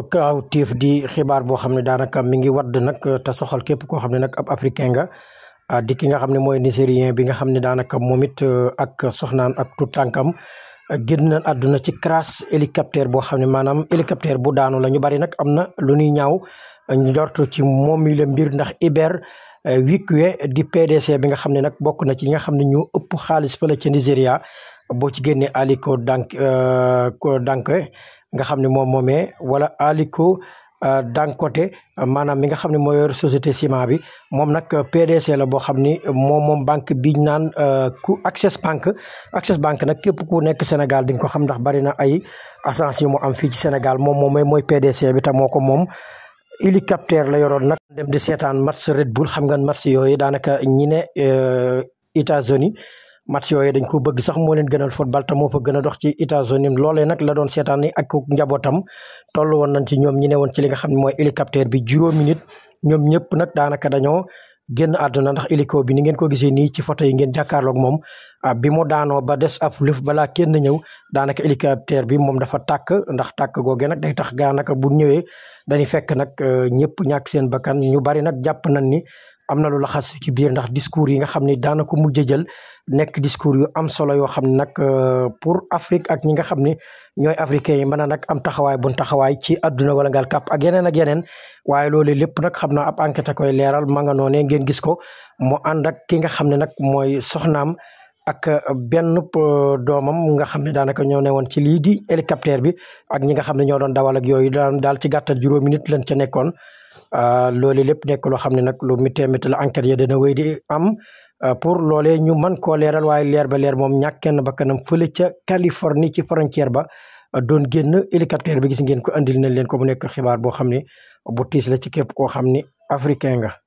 kaaw tiif di xibaar boo xam ne daanaka mi ngi wadd nag te soxal képp koo xam ne nag ab africain nga ah, di ki nga xam ne mooy nigérien bi nga xam ne daanaka moom it ah, ak soxnaan ak tout tànkam ah, génn na àdduna ci crash hélicoptère boo xam ne maanaam hélicoptère bu daanu la ñu bari nag am na lu ñuy ñaaw ñu ci moom mi la mbir ndax Hubert Wikwe di PDC bi nga xam ne nag bokk na ci ñi nga xam ne ñu ëpp xaalis fële ca Nigéria boo ci génnee Aliko Dank Dank nga xam ne moom moomee wala Aliko euh, Dangote maanaam mi nga xam ne moo yor société ciment bi moom nag euh, PDC la boo xam ni moom moom banque bi ñu naan euh, ku Access banque Access banque nag képp ku nekk Sénégal di nga ko xam ndax bari na ay agence mu am fii ci Sénégal moom moom mooy PDC bi te moo ko moom. hélicoptère la yoroon nag dem di seetaan match Red Bull xam nga match yooyu daanaka ñi ne États-Unis match yooyu dañ ko bëgg sax moo leen gënal football te moo fa gën a dox ci États-Unis loolee nag la doon seetaan ak njabootam toll woon nañ ci ñoom ñi ne woon ci li nga xam ne mooy hélicoptère bi juróomi nit ñoom ñëpp nag daanaka dañoo génn àdduna ndax hélico bi ni ngeen ko gisee nii ci photo yi ngeen jàkkaarloog moom ah, bi mu daanoo ba des ab lëf balaa kenn ñëw daanaka hélicoptère bi moom dafa tàkk ndax tàkk googe nag day tax daanaka bu ñëwee dañuy fekk nag euh, ñëpp ñàkk seen bakkan ñu bari nag jàpp nañ ni am na lu la xas ci biir ndax discours yi nga xam ne daana ko mujj jël nekk discours yu am solo yoo xam ne nag euh, pour Afrique ak ñi nga xam ne ñooy afrique yi mën na nag am taxawaay bun taxawaay ci adduna wala ngal kàpp ak yeneen ak yeneen waaye loolu lépp nag xam naa ab enquête koy leeral ma nga noonee ngeen gis ko mu ànd ak ki nga xam ne nag mooy soxnaam ak euh, benn euh, doomam nga xam ne daanaka ñoo ne woon ci lii di hélicoptère bi ak ñi nga xam ne ñoo doon dawal ak yooyu daal ci gàttal juróomi nit lañ ca nekkoon Euh, loolu lépp nekk loo xam ne nag lu mitee miti la enquête ya dana wéy di am euh, pour loole ñu mën koo leeral waaye leer ba leer moom ñàkk kenn bakkanam fële ca Californie ci frontière ba euh, doon génn hélicoptère bi gis ngeen ko andil nañ leen ko mu nekk xibaar boo xam ne bu tiis la ci képp koo xam ne africain nga